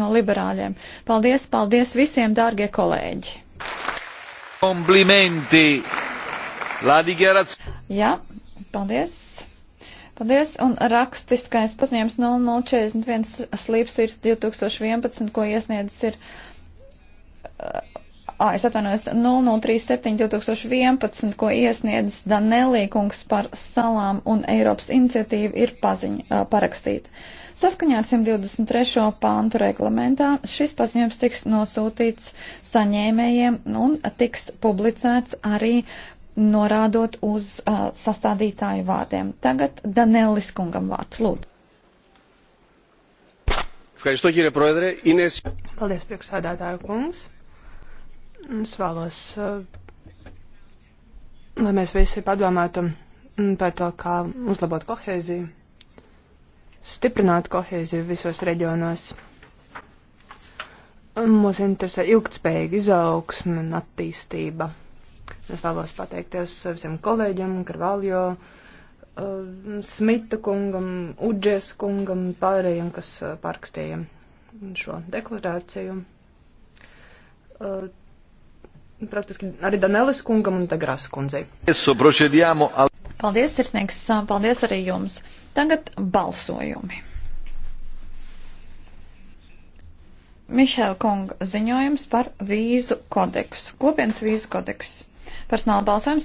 no liberāļiem. Paldies, paldies visiem, dārgie kolēģi! Komplimenti! Jā, paldies! Paldies, un rakstiskais paziņojums 0041 slīps ir 2011, ko iesniedzis ir. Uh, A, es atvainojos 0037 2011, ko iesniedz Danelī kungs par salām un Eiropas iniciatīvu ir paziņ, parakstīta. Saskaņā ar 123. pāntu reglamentā šis paziņojums tiks nosūtīts saņēmējiem un tiks publicēts arī norādot uz uh, sastādītāju vārdiem. Tagad Danelis kungam vārds lūdzu. Paldies, priekšsādātāju kungs. Es vēlos, eh, lai mēs visi padomātu mm, par to, kā uzlabot kohēziju, stiprināt kohēziju visos reģionos. Mūs interesē ilgtspējīga izaugsme un attīstība. Es vēlos pateikties visiem kolēģiem, Karvaljo, eh, Smita kungam, Uģes kungam, pārējiem, kas eh, pārkstīja šo deklarāciju. Uh, praktiski arī Danelis kungam un Tagrās kundzei. Paldies, Sirsnieks, paldies arī jums. Tagad balsojumi. Mišēla kunga ziņojums par vīzu kodeksu, kopienas vīzu kodeksu. Personāla balsojums